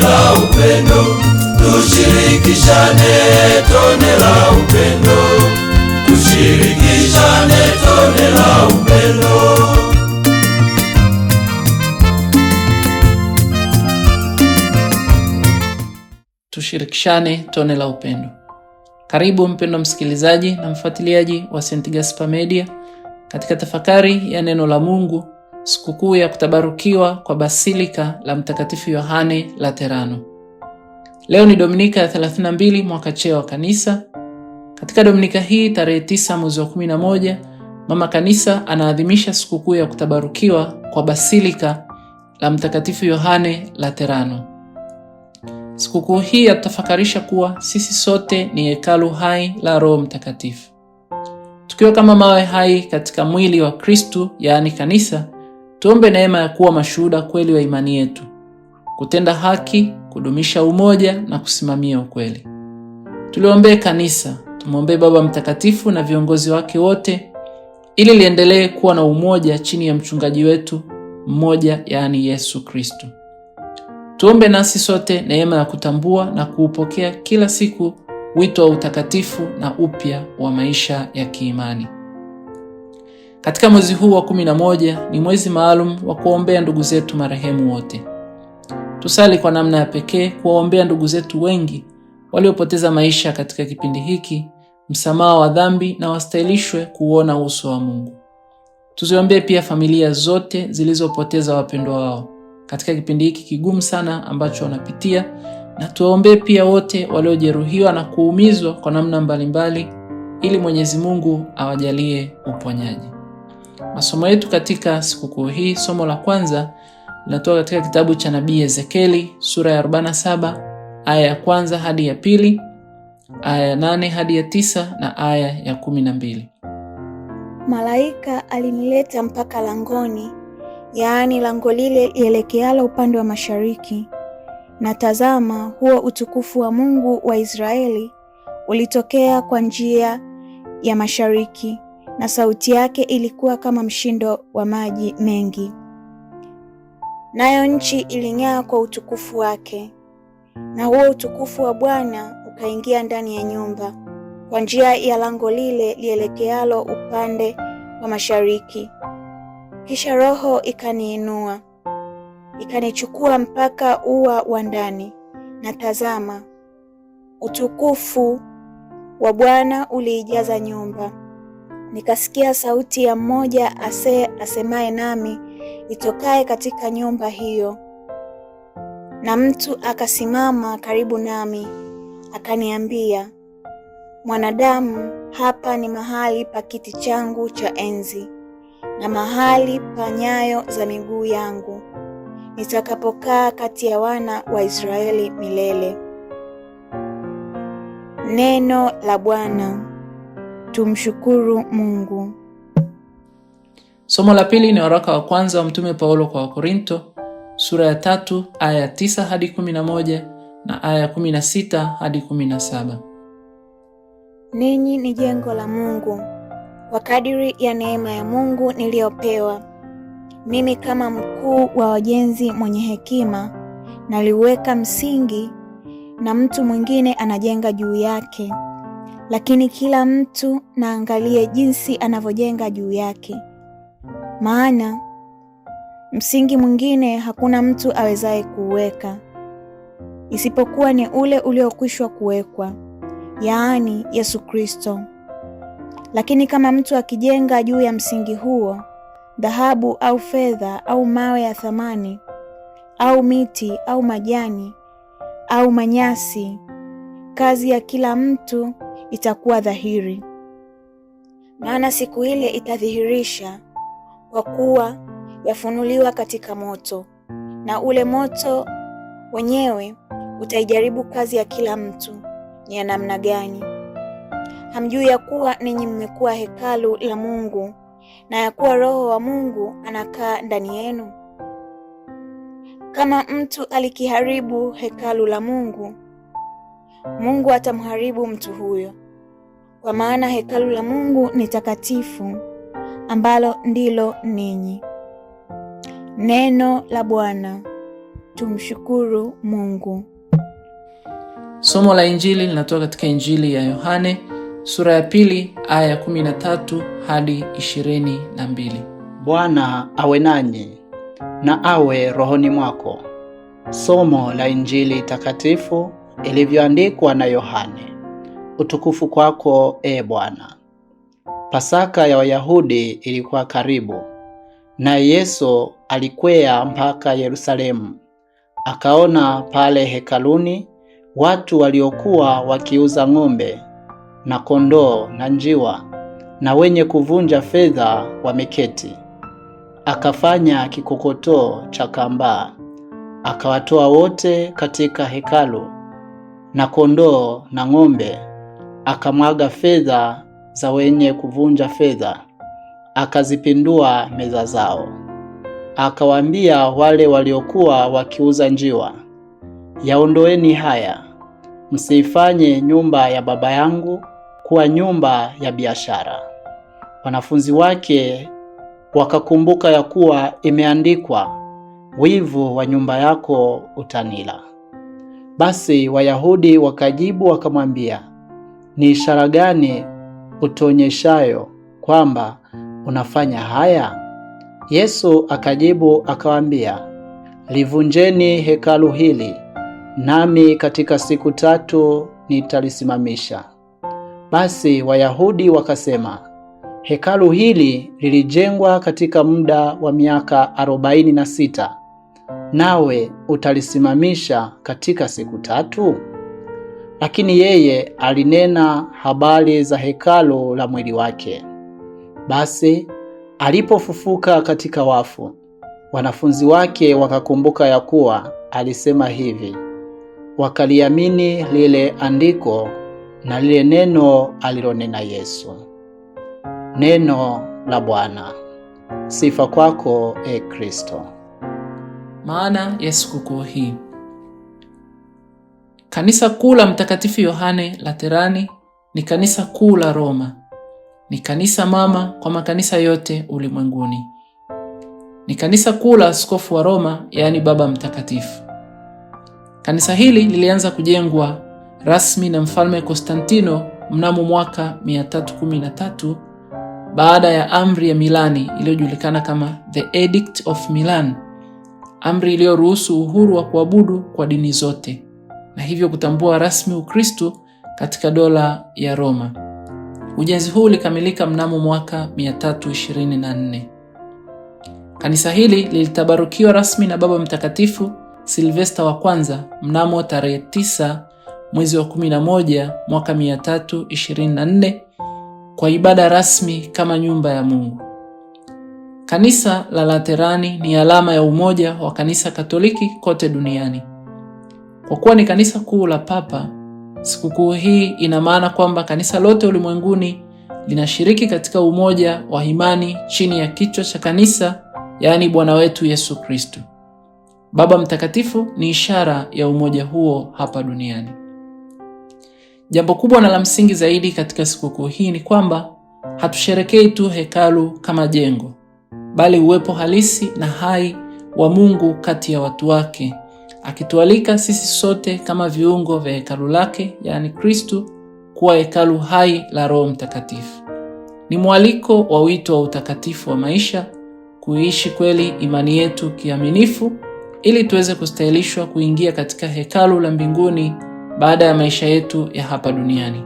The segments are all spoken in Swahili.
la upendo, tushirikishane tone la upendo, tushirikishane tone la upendo. Tushirikishane tone la upendo. Karibu mpendo msikilizaji na mfuatiliaji wa St. Gaspar Media katika tafakari ya neno la Mungu sikukuu ya kutabarukiwa kwa Basilika la Mtakatifu Yohane Laterano. Leo ni Dominika ya 32 mwaka cheo wa Kanisa. Katika Dominika hii tarehe 9 mwezi wa 11, Mama Kanisa anaadhimisha sikukuu ya kutabarukiwa kwa Basilika la Mtakatifu Yohane Laterano. Sikukuu hii yatutafakarisha kuwa sisi sote ni hekalu hai la Roho Mtakatifu, tukiwa kama mawe hai katika mwili wa Kristu, yaani Kanisa. Tuombe neema ya kuwa mashuhuda kweli wa imani yetu, kutenda haki, kudumisha umoja na kusimamia ukweli. Tuliombee kanisa, tumwombee Baba Mtakatifu na viongozi wake wote, ili liendelee kuwa na umoja chini ya mchungaji wetu mmoja, yaani Yesu Kristo. Tuombe nasi sote neema ya kutambua na kuupokea kila siku wito wa utakatifu na upya wa maisha ya kiimani. Katika mwezi huu wa kumi na moja ni mwezi maalum wa kuombea ndugu zetu marehemu wote. Tusali kwa namna ya pekee kuwaombea ndugu zetu wengi waliopoteza maisha katika kipindi hiki, msamaha wa dhambi na wastahilishwe kuuona uso wa Mungu. Tuziombee pia familia zote zilizopoteza wapendwa wao katika kipindi hiki kigumu sana ambacho wanapitia, na tuwaombee pia wote waliojeruhiwa na kuumizwa kwa namna mbalimbali, ili Mwenyezi Mungu awajalie uponyaji. Masomo yetu katika sikukuu hii, somo la kwanza linatoka katika kitabu cha nabii Ezekieli sura ya 47 aya ya kwanza hadi ya pili, aya ya nane hadi ya tisa na aya ya kumi na mbili. Malaika alinileta mpaka langoni, yaani lango lile lielekealo upande wa mashariki, na tazama, huo utukufu wa Mungu wa Israeli ulitokea kwa njia ya mashariki na sauti yake ilikuwa kama mshindo wa maji mengi, nayo nchi iling'aa kwa utukufu wake. Na huo utukufu wa Bwana ukaingia ndani ya nyumba kwa njia ya lango lile lielekealo upande wa mashariki. Kisha Roho ikaniinua ikanichukua mpaka ua wa ndani, na tazama, utukufu wa Bwana uliijaza nyumba nikasikia sauti ya mmoja ase asemaye nami itokaye katika nyumba hiyo, na mtu akasimama karibu nami akaniambia, mwanadamu, hapa ni mahali pa kiti changu cha enzi na mahali pa nyayo za miguu yangu nitakapokaa kati ya wana wa Israeli milele. Neno la Bwana. Tumshukuru Mungu. Somo la pili ni waraka wa kwanza wa Mtume Paulo kwa Wakorinto sura ya tatu aya ya tisa hadi kumi na moja na aya ya kumi na sita hadi kumi na saba. Ninyi ni jengo la Mungu kwa kadiri ya neema ya Mungu niliyopewa mimi, kama mkuu wa wajenzi mwenye hekima, naliweka msingi na mtu mwingine anajenga juu yake lakini kila mtu naangalie jinsi anavyojenga juu yake, maana msingi mwingine hakuna mtu awezaye kuuweka isipokuwa ni ule uliokwishwa kuwekwa, yaani Yesu Kristo. Lakini kama mtu akijenga juu ya msingi huo dhahabu au fedha au mawe ya thamani au miti au majani au manyasi, kazi ya kila mtu itakuwa dhahiri, maana siku ile itadhihirisha, kwa kuwa yafunuliwa katika moto, na ule moto wenyewe utaijaribu kazi ya kila mtu ni ya namna gani. Hamjui ya kuwa ninyi mmekuwa hekalu la Mungu na ya kuwa Roho wa Mungu anakaa ndani yenu? Kama mtu alikiharibu hekalu la Mungu, Mungu atamharibu mtu huyo, kwa maana hekalu la Mungu ni takatifu, ambalo ndilo ninyi. Neno la Bwana. Tumshukuru Mungu. Somo la Injili linatoka katika Injili ya Yohane sura ya pili aya ya tatu hadi ishirini na mbili. Bwana awe nanyi na awe rohoni mwako. Somo la Injili takatifu ilivyoandikwa na Yohane. Utukufu kwako e Bwana. Pasaka ya Wayahudi ilikuwa karibu, naye Yesu alikwea mpaka Yerusalemu. Akaona pale hekaluni watu waliokuwa wakiuza ng'ombe na kondoo na njiwa na wenye kuvunja fedha wameketi. Akafanya kikokotoo cha kambaa, akawatoa wote katika hekalu na kondoo na ng'ombe akamwaga fedha za wenye kuvunja fedha, akazipindua meza zao. Akawaambia wale waliokuwa wakiuza njiwa, yaondoeni haya, msiifanye nyumba ya Baba yangu kuwa nyumba ya biashara. Wanafunzi wake wakakumbuka ya kuwa imeandikwa, wivu wa nyumba yako utanila. Basi Wayahudi wakajibu wakamwambia ni ishara gani utuonyeshayo kwamba unafanya haya? Yesu akajibu akawaambia, livunjeni hekalu hili, nami katika siku tatu nitalisimamisha. Basi Wayahudi wakasema, hekalu hili lilijengwa katika muda wa miaka arobaini na sita, nawe utalisimamisha katika siku tatu? lakini yeye alinena habari za hekalo la mwili wake. Basi alipofufuka katika wafu, wanafunzi wake wakakumbuka ya kuwa alisema hivi, wakaliamini lile andiko na lile neno alilonena Yesu. Neno la Bwana. Sifa kwako, e Kristo. Maana ya sikukuu hii Kanisa Kuu la Mtakatifu Yohane Laterani ni kanisa kuu la Roma. Ni kanisa mama kwa makanisa yote ulimwenguni. Ni kanisa kuu la askofu wa Roma, yaani Baba Mtakatifu. Kanisa hili lilianza kujengwa rasmi na Mfalme Konstantino mnamo mwaka 313 baada ya amri ya Milani iliyojulikana kama The Edict of Milan, amri iliyoruhusu uhuru wa kuabudu kwa dini zote na hivyo kutambua rasmi Ukristo katika dola ya Roma. Ujenzi huu ulikamilika mnamo mwaka 324. Kanisa hili lilitabarukiwa rasmi na Baba Mtakatifu Silvesta wa kwanza mnamo tarehe 9 mwezi wa 11 mwaka 324 kwa ibada rasmi kama nyumba ya Mungu. Kanisa la Laterani ni alama ya umoja wa kanisa Katoliki kote duniani. Kwa kuwa ni kanisa kuu la Papa, sikukuu hii ina maana kwamba kanisa lote ulimwenguni linashiriki katika umoja wa imani chini ya kichwa cha kanisa, yaani Bwana wetu Yesu Kristo. Baba Mtakatifu ni ishara ya umoja huo hapa duniani. Jambo kubwa na la msingi zaidi katika sikukuu hii ni kwamba hatusherekei tu hekalu kama jengo, bali uwepo halisi na hai wa Mungu kati ya watu wake akitualika sisi sote kama viungo vya hekalu lake, yaani Kristu, kuwa hekalu hai la Roho Mtakatifu. Ni mwaliko wa wito wa utakatifu wa maisha, kuishi kweli imani yetu kiaminifu, ili tuweze kustahilishwa kuingia katika hekalu la mbinguni baada ya maisha yetu ya hapa duniani.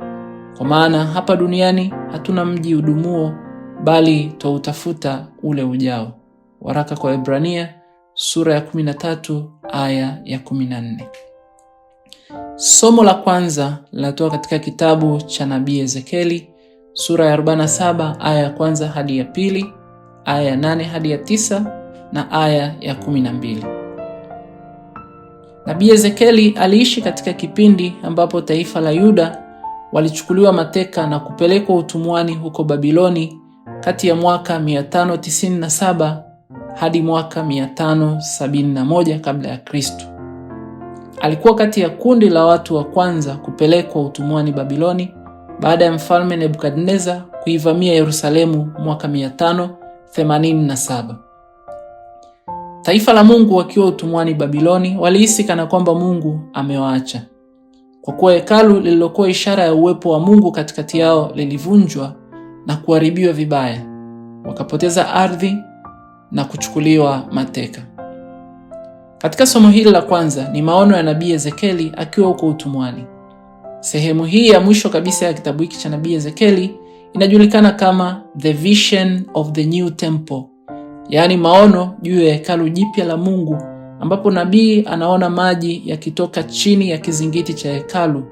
Kwa maana hapa duniani hatuna mji udumuo, bali twautafuta ule ujao. Waraka kwa Ebrania sura ya 13 aya ya 14. Somo la kwanza linatoka katika kitabu cha nabii Ezekieli sura ya 47 aya ya kwanza hadi ya pili, aya ya 8 hadi ya tisa na aya ya 12. Nabii Ezekieli aliishi katika kipindi ambapo taifa la Yuda walichukuliwa mateka na kupelekwa utumwani huko Babiloni kati ya mwaka 597 hadi mwaka 571 kabla ya Kristo. Alikuwa kati ya kundi la watu wa kwanza kupelekwa utumwani Babiloni baada ya mfalme Nebukadneza kuivamia Yerusalemu mwaka 587. Taifa la Mungu wakiwa utumwani Babiloni walihisi kana kwamba Mungu amewaacha. Kwa kuwa hekalu lililokuwa ishara ya uwepo wa Mungu katikati yao lilivunjwa na kuharibiwa vibaya, wakapoteza ardhi na kuchukuliwa mateka. Katika somo hili la kwanza ni maono ya nabii Ezekieli akiwa huko utumwani. Sehemu hii ya mwisho kabisa ya kitabu hiki cha nabii Ezekieli inajulikana kama The Vision of the New Temple, yaani maono juu ya hekalu jipya la Mungu, ambapo nabii anaona maji yakitoka chini ya kizingiti cha hekalu,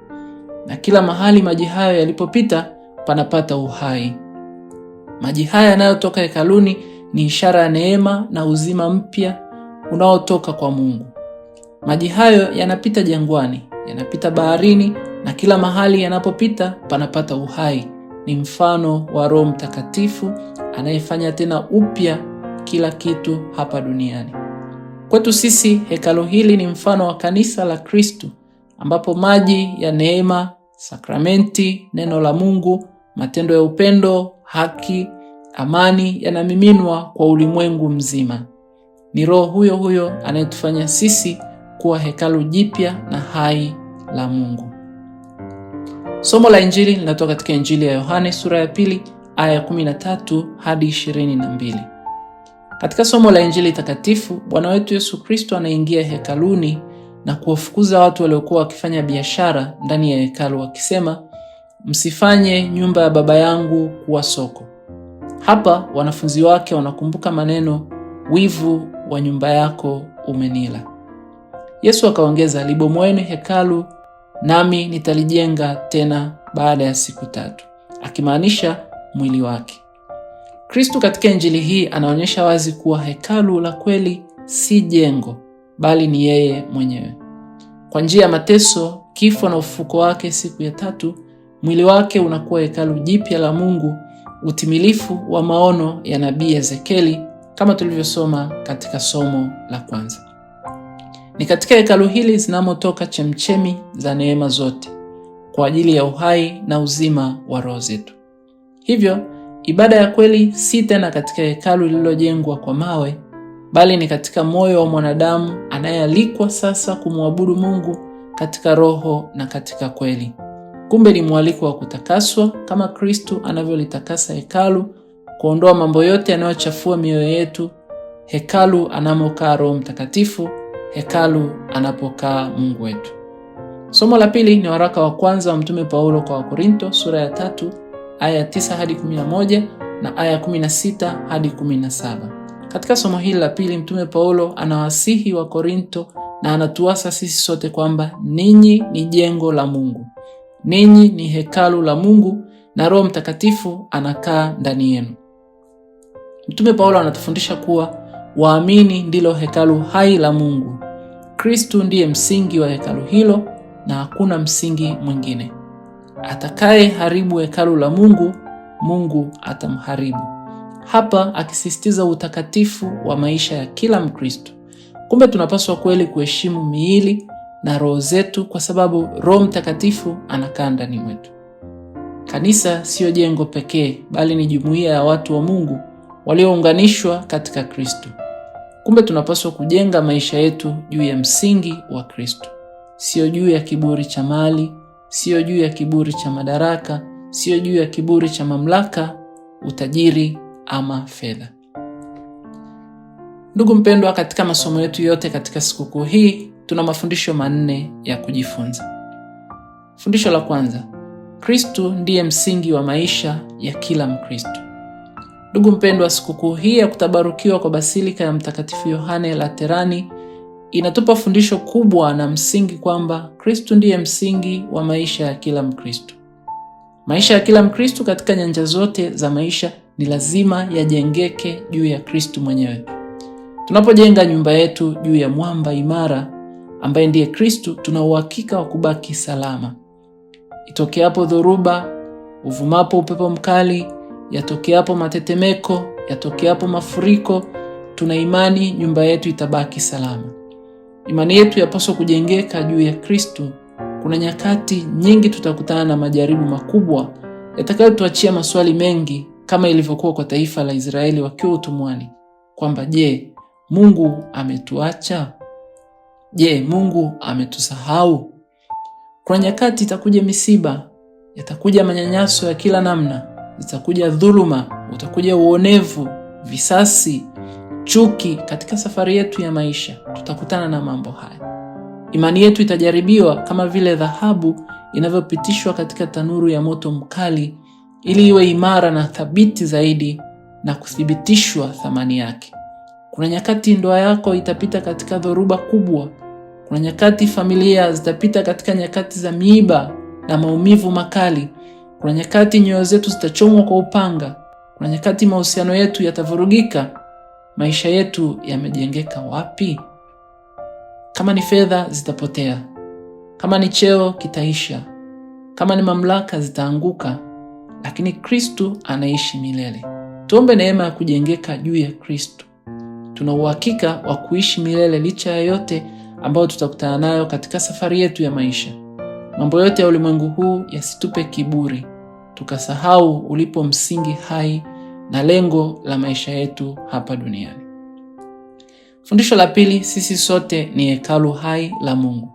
na kila mahali maji hayo yalipopita panapata uhai. Maji haya yanayotoka hekaluni ni ishara ya neema na uzima mpya unaotoka kwa Mungu. Maji hayo yanapita jangwani, yanapita baharini na kila mahali yanapopita panapata uhai. Ni mfano wa Roho Mtakatifu anayefanya tena upya kila kitu hapa duniani. Kwetu sisi, hekalo hili ni mfano wa kanisa la Kristo ambapo maji ya neema, sakramenti, neno la Mungu, matendo ya upendo, haki amani yanamiminwa kwa ulimwengu mzima. Ni Roho huyo huyo anayetufanya sisi kuwa hekalu jipya na hai la Mungu. Somo la Injili linatoka katika Injili ya Yohane sura ya pili aya ya 13 hadi 22. Katika somo la Injili takatifu, Bwana wetu Yesu Kristo anaingia hekaluni na kuwafukuza watu waliokuwa wakifanya biashara ndani ya hekalu wakisema, msifanye nyumba ya Baba yangu kuwa soko. Hapa wanafunzi wake wanakumbuka maneno, wivu wa nyumba yako umenila. Yesu akaongeza, libomoeni hekalu nami nitalijenga tena baada ya siku tatu, akimaanisha mwili wake. Kristu katika injili hii anaonyesha wazi kuwa hekalu la kweli si jengo, bali ni yeye mwenyewe. Kwa njia ya mateso, kifo na ufufuko wake siku ya tatu, mwili wake unakuwa hekalu jipya la Mungu utimilifu wa maono ya nabii Ezekieli kama tulivyosoma katika somo la kwanza. Ni katika hekalu hili zinamotoka chemchemi za neema zote kwa ajili ya uhai na uzima wa roho zetu. Hivyo ibada ya kweli si tena katika hekalu lililojengwa kwa mawe, bali ni katika moyo wa mwanadamu anayealikwa sasa kumwabudu Mungu katika roho na katika kweli. Kumbe ni mwaliko wa kutakaswa kama Kristo anavyolitakasa hekalu, kuondoa mambo yote yanayochafua mioyo yetu, hekalu anamokaa Roho Mtakatifu, hekalu anapokaa Mungu wetu. Somo la pili ni waraka wa kwanza wa Mtume Paulo kwa Wakorinto sura ya tatu aya 9 hadi 11 na aya 16 hadi 17. Katika somo hili la pili, Mtume Paulo anawasihi Wakorinto na anatuasa sisi sote kwamba ninyi ni jengo la Mungu ninyi ni hekalu la Mungu na Roho Mtakatifu anakaa ndani yenu. Mtume Paulo anatufundisha kuwa waamini ndilo hekalu hai la Mungu. Kristu ndiye msingi wa hekalu hilo na hakuna msingi mwingine. Atakaye haribu hekalu la Mungu, Mungu atamharibu. Hapa akisisitiza utakatifu wa maisha ya kila Mkristo. Kumbe tunapaswa kweli kuheshimu miili na roho zetu, kwa sababu Roho Mtakatifu anakaa ndani mwetu. Kanisa siyo jengo pekee, bali ni jumuiya ya watu wa Mungu waliounganishwa katika Kristo. Kumbe tunapaswa kujenga maisha yetu juu ya msingi wa Kristo, siyo juu ya kiburi cha mali, siyo juu ya kiburi cha madaraka, siyo juu ya kiburi cha mamlaka, utajiri ama fedha. Ndugu mpendwa, katika masomo yetu yote katika sikukuu hii tuna mafundisho manne ya kujifunza. Fundisho la kwanza, Kristu ndiye msingi wa maisha ya kila mkristu Ndugu mpendwa, sikukuu hii ya kutabarukiwa kwa Basilika ya Mtakatifu Yohane Laterani inatupa fundisho kubwa na msingi kwamba Kristu ndiye msingi wa maisha ya kila mkristu Maisha ya kila mkristu katika nyanja zote za maisha ni lazima yajengeke juu ya Kristu mwenyewe. Tunapojenga nyumba yetu juu ya mwamba imara, ambaye ndiye kristu tuna uhakika wa kubaki salama. Itokeapo dhoruba, uvumapo upepo mkali, yatokeapo matetemeko, yatokeapo mafuriko, tuna imani nyumba yetu itabaki salama. Imani yetu yapaswa kujengeka juu ya kristu Kuna nyakati nyingi tutakutana na majaribu makubwa yatakayotuachia maswali mengi, kama ilivyokuwa kwa taifa la Israeli wakiwa utumwani, kwamba je, Mungu ametuacha? Je, Mungu ametusahau? Kuna nyakati itakuja misiba, yatakuja manyanyaso ya kila namna, itakuja dhuluma, utakuja uonevu, visasi, chuki. Katika safari yetu ya maisha tutakutana na mambo haya. Imani yetu itajaribiwa kama vile dhahabu inavyopitishwa katika tanuru ya moto mkali, ili iwe imara na thabiti zaidi na kuthibitishwa thamani yake. Kuna nyakati ndoa yako itapita katika dhoruba kubwa. Kuna nyakati familia zitapita katika nyakati za miiba na maumivu makali. Kuna nyakati nyoyo zetu zitachomwa kwa upanga. Kuna nyakati mahusiano yetu yatavurugika. Maisha yetu yamejengeka wapi? Kama ni fedha, zitapotea. Kama ni cheo, kitaisha. Kama ni mamlaka, zitaanguka. Lakini Kristu anaishi milele. Tuombe neema ya kujengeka juu ya Kristu tuna uhakika wa kuishi milele licha ya yote ambayo tutakutana nayo katika safari yetu ya maisha. Mambo yote ya ulimwengu huu yasitupe kiburi, tukasahau ulipo msingi hai na lengo la maisha yetu hapa duniani. Fundisho la pili, sisi sote ni hekalu hai la Mungu.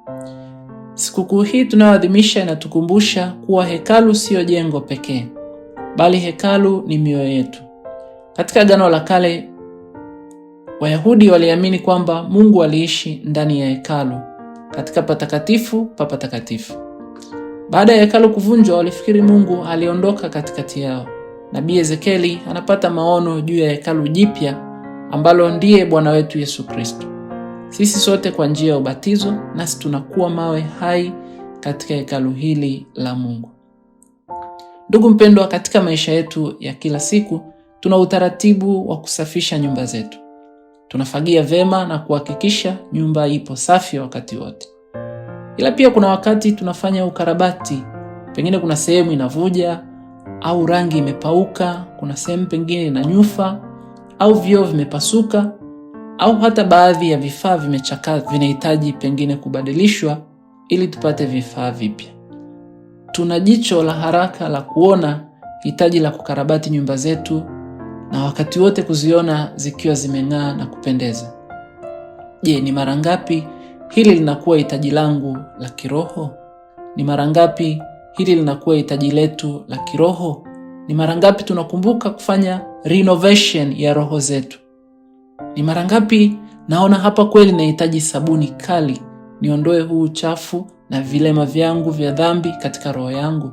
Sikukuu hii tunayoadhimisha inatukumbusha kuwa hekalu siyo jengo pekee, bali hekalu ni mioyo yetu. Katika Agano la Kale Wayahudi waliamini kwamba Mungu aliishi ndani ya hekalu katika patakatifu pa patakatifu. Baada ya hekalu kuvunjwa, walifikiri Mungu aliondoka katikati yao. Nabii Ezekieli anapata maono juu ya hekalu jipya ambalo ndiye Bwana wetu Yesu Kristo. Sisi sote kwa njia ya ubatizo, nasi tunakuwa mawe hai katika hekalu hili la Mungu. Ndugu mpendwa, katika maisha yetu ya kila siku tuna utaratibu wa kusafisha nyumba zetu tunafagia vema na kuhakikisha nyumba ipo safi wakati wote. Ila pia kuna wakati tunafanya ukarabati, pengine kuna sehemu inavuja au rangi imepauka, kuna sehemu pengine inanyufa au vyoo vimepasuka au hata baadhi ya vifaa vimechakaa, vinahitaji pengine kubadilishwa ili tupate vifaa vipya. Tuna jicho la haraka la kuona hitaji la kukarabati nyumba zetu na wakati wote kuziona zikiwa zimeng'aa na kupendeza. Je, ni mara ngapi hili linakuwa hitaji langu la kiroho? Ni mara ngapi hili linakuwa hitaji letu la kiroho? Ni mara ngapi tunakumbuka kufanya renovation ya roho zetu? Ni mara ngapi naona hapa kweli nahitaji sabuni kali niondoe huu uchafu na vilema vyangu vya dhambi katika roho yangu?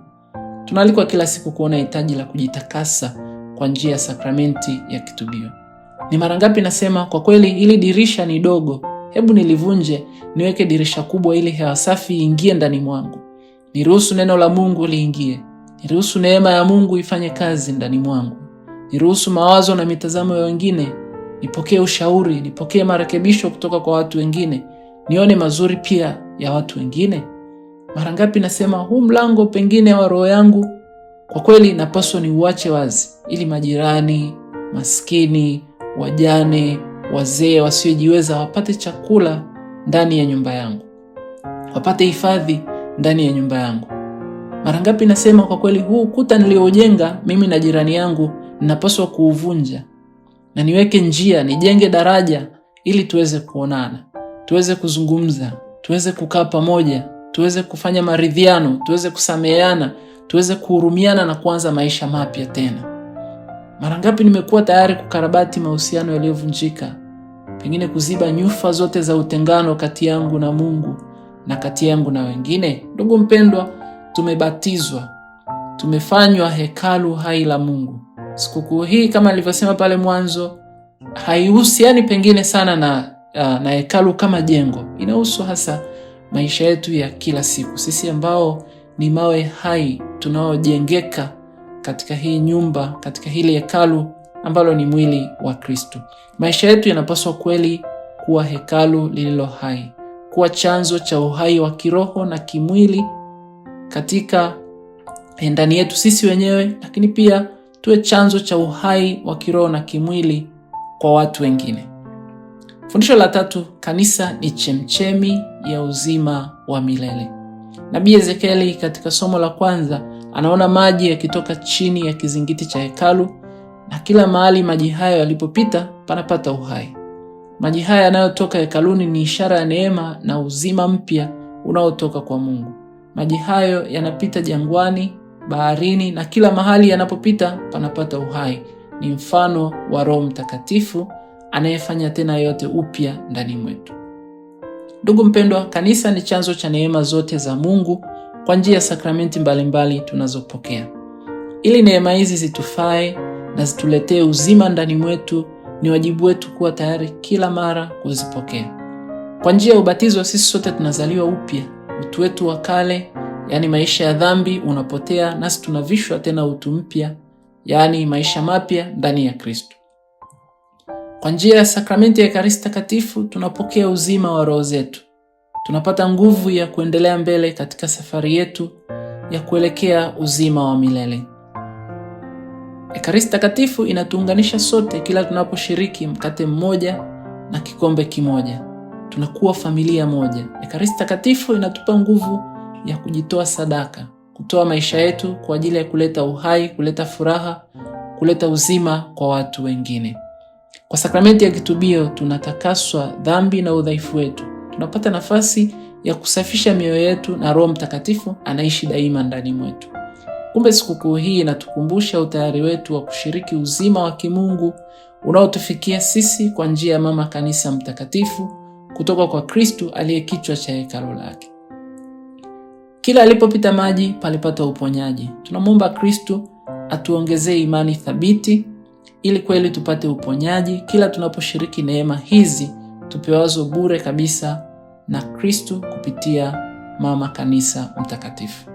Tunaalikwa kila siku kuona hitaji la kujitakasa kwa njia ya sakramenti ya kitubio. Ni mara ngapi nasema kwa kweli, ili dirisha ni dogo, hebu nilivunje niweke dirisha kubwa, ili hewa safi iingie ndani mwangu. Niruhusu neno la Mungu liingie, niruhusu neema ya Mungu ifanye kazi ndani mwangu, niruhusu mawazo na mitazamo ya wengine, nipokee ushauri, nipokee marekebisho kutoka kwa watu wengine, nione mazuri pia ya watu wengine. Mara ngapi nasema huu mlango pengine wa roho yangu, kwa kweli napaswa uache wazi ili majirani, maskini, wajane, wazee wasiojiweza wapate chakula ndani ya nyumba yangu, wapate hifadhi ndani ya nyumba yangu. Mara ngapi nasema kwa kweli, huu ukuta nilioujenga mimi na jirani yangu ninapaswa kuuvunja, na niweke njia, nijenge daraja ili tuweze kuonana, tuweze kuzungumza, tuweze kukaa pamoja, tuweze kufanya maridhiano, tuweze kusameheana, tuweze kuhurumiana na kuanza maisha mapya tena. Mara ngapi nimekuwa tayari kukarabati mahusiano yaliyovunjika, pengine kuziba nyufa zote za utengano kati yangu na Mungu na kati yangu na wengine. Ndugu mpendwa, tumebatizwa, tumefanywa hekalu hai la Mungu. Sikukuu hii kama nilivyosema pale mwanzo haihusiani pengine sana na, ah, na hekalu kama jengo. Inahusu hasa maisha yetu ya kila siku, sisi ambao ni mawe hai tunaojengeka katika hii nyumba, katika hili hekalu ambalo ni mwili wa Kristo. Maisha yetu yanapaswa kweli kuwa hekalu lililo hai, kuwa chanzo cha uhai wa kiroho na kimwili katika eh, ndani yetu sisi wenyewe, lakini pia tuwe chanzo cha uhai wa kiroho na kimwili kwa watu wengine. Fundisho la tatu, kanisa ni chemchemi ya uzima wa milele. Nabii Ezekieli katika somo la kwanza Anaona maji yakitoka chini ya kizingiti cha hekalu, na kila mahali maji hayo yalipopita panapata uhai. Maji haya yanayotoka hekaluni ni ishara ya neema na uzima mpya unaotoka kwa Mungu. Maji hayo yanapita jangwani, baharini na kila mahali yanapopita panapata uhai. Ni mfano wa Roho Mtakatifu anayefanya tena yote upya ndani mwetu. Ndugu mpendwa, kanisa ni chanzo cha neema zote za Mungu kwa njia ya sakramenti mbalimbali tunazopokea, ili neema hizi zitufae na zituletee uzima ndani mwetu. Ni wajibu wetu kuwa tayari kila mara kuzipokea. Kwa njia ya ubatizo, sisi sote tunazaliwa upya, utu wetu wa kale, yaani maisha ya dhambi, unapotea, nasi tunavishwa tena utu mpya, yaani maisha mapya ndani ya Kristo. Kwa njia ya sakramenti ya Ekaristi Takatifu tunapokea uzima wa roho zetu tunapata nguvu ya kuendelea mbele katika safari yetu ya kuelekea uzima wa milele. Ekaristi Takatifu inatuunganisha sote kila tunaposhiriki mkate mmoja na kikombe kimoja. Tunakuwa familia moja. Ekaristi Takatifu inatupa nguvu ya kujitoa sadaka, kutoa maisha yetu kwa ajili ya kuleta uhai, kuleta furaha, kuleta uzima kwa watu wengine. Kwa sakramenti ya kitubio tunatakaswa dhambi na udhaifu wetu tunapata nafasi ya kusafisha mioyo yetu na Roho Mtakatifu anaishi daima ndani mwetu. Kumbe sikukuu hii inatukumbusha utayari wetu wa kushiriki uzima wa kimungu unaotufikia sisi kwa njia ya Mama Kanisa Mtakatifu kutoka kwa Kristu aliye kichwa cha hekalo lake. Kila alipopita maji palipata uponyaji. Tunamwomba Kristu atuongezee imani thabiti ili kweli tupate uponyaji kila tunaposhiriki neema hizi tupewazo bure kabisa na Kristu kupitia mama kanisa mtakatifu.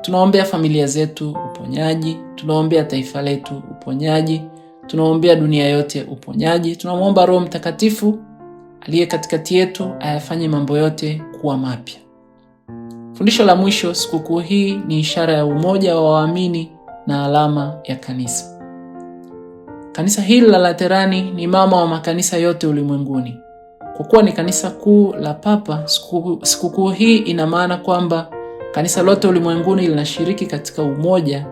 Tunaombea familia zetu uponyaji, tunaombea taifa letu uponyaji, tunaombea dunia yote uponyaji. Tunamwomba Roho Mtakatifu aliye katikati yetu ayafanye mambo yote kuwa mapya. Fundisho la mwisho: sikukuu hii ni ishara ya umoja wa waamini na alama ya kanisa. Kanisa hili la Laterani ni mama wa makanisa yote ulimwenguni. Kwa kuwa ni kanisa kuu la Papa, sikukuu siku hii ina maana kwamba kanisa lote ulimwenguni linashiriki katika umoja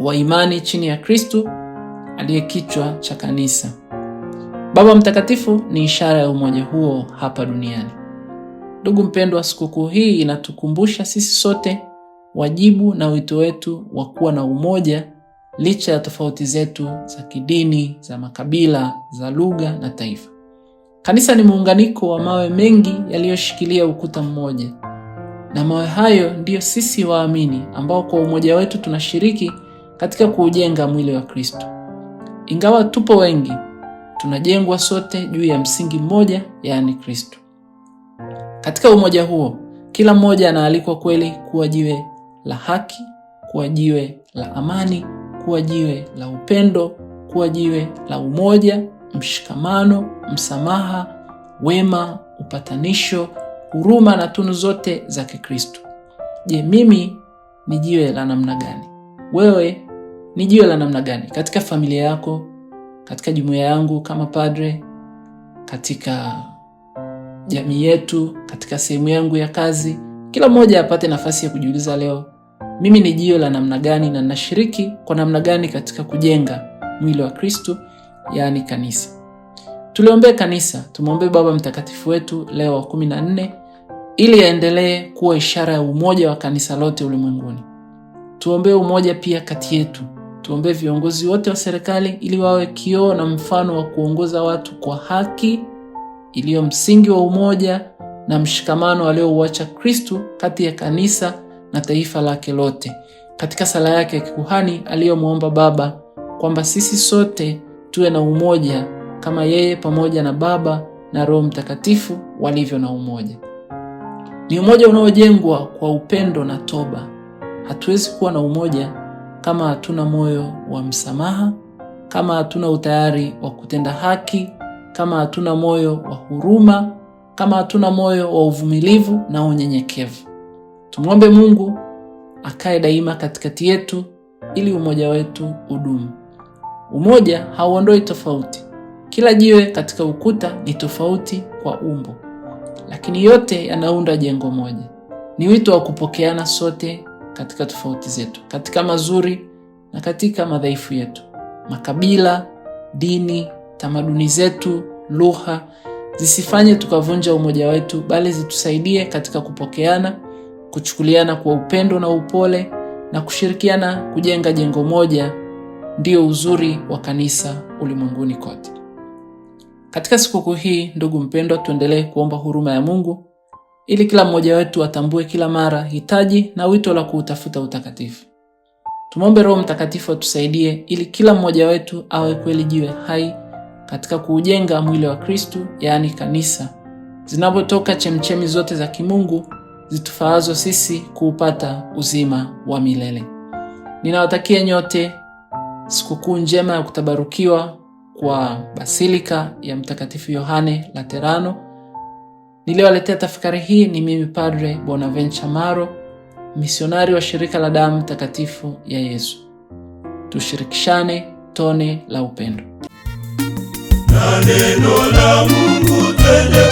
wa imani chini ya kristu aliye kichwa cha kanisa. Baba Mtakatifu ni ishara ya umoja huo hapa duniani. Ndugu mpendwa, sikukuu hii inatukumbusha sisi sote wajibu na wito wetu wa kuwa na umoja licha ya tofauti zetu za kidini, za makabila, za lugha na taifa. Kanisa ni muunganiko wa mawe mengi yaliyoshikilia ukuta mmoja, na mawe hayo ndiyo sisi waamini ambao kwa umoja wetu tunashiriki katika kuujenga mwili wa Kristo. Ingawa tupo wengi, tunajengwa sote juu ya msingi mmoja, yaani Kristo. Katika umoja huo, kila mmoja anaalikwa kweli kuwa jiwe la haki, kuwa jiwe la amani, kuwa jiwe la upendo, kuwa jiwe la umoja mshikamano, msamaha, wema, upatanisho, huruma na tunu zote za Kikristo. Je, mimi ni jiwe la namna gani? Wewe ni jiwe la namna gani katika familia yako, katika jumuiya yangu kama padre, katika jamii yetu, katika sehemu yangu ya kazi? Kila mmoja apate nafasi ya kujiuliza leo, mimi ni jiwe la namna gani na nashiriki kwa namna gani katika kujenga mwili wa Kristo yaani kanisa. Tuliombee kanisa, tumwombee Baba Mtakatifu wetu Leo wa 14 nne ili aendelee kuwa ishara ya umoja wa kanisa lote ulimwenguni. Tuombee umoja pia kati yetu. Tuombee viongozi wote wa serikali ili wawe kioo na mfano wa kuongoza watu kwa haki iliyo msingi wa umoja na mshikamano aliouacha Kristu kati ya kanisa na taifa lake lote, katika sala yake ya kikuhani aliyomwomba Baba kwamba sisi sote tuwe na umoja kama yeye pamoja na Baba na Roho Mtakatifu walivyo na umoja. Ni umoja unaojengwa kwa upendo na toba. Hatuwezi kuwa na umoja kama hatuna moyo wa msamaha, kama hatuna utayari wa kutenda haki, kama hatuna moyo wa huruma, kama hatuna moyo wa uvumilivu na unyenyekevu. Tumwombe Mungu akae daima katikati yetu ili umoja wetu udumu. Umoja hauondoi tofauti. Kila jiwe katika ukuta ni tofauti kwa umbo, lakini yote yanaunda jengo moja. Ni wito wa kupokeana sote katika tofauti zetu, katika mazuri na katika madhaifu yetu. Makabila, dini, tamaduni zetu, lugha zisifanye tukavunja umoja wetu, bali zitusaidie katika kupokeana, kuchukuliana kwa upendo na upole na kushirikiana kujenga jengo moja ndio uzuri wa kanisa ulimwenguni kote. Katika sikukuu hii, ndugu mpendwa, tuendelee kuomba huruma ya Mungu ili kila mmoja wetu atambue kila mara hitaji na wito la kuutafuta utakatifu. Tumwombe Roho Mtakatifu atusaidie ili kila mmoja wetu awe kweli jiwe hai katika kuujenga mwili wa kristu yaani kanisa, zinavyotoka chemchemi zote za kimungu zitufaazo sisi kuupata uzima wa milele. Ninawatakia nyote sikukuu njema ya kutabarukiwa kwa Basilika ya Mtakatifu Yohane Laterano. Niliyowaletea tafakari hii ni mimi Padre Bonaventure Maro, misionari wa shirika la damu takatifu ya Yesu. Tushirikishane tone la upendo na neno la Mungu tende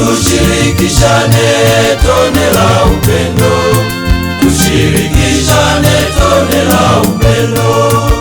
Tushirikishane tone la upendo, tushirikishane tone la upendo.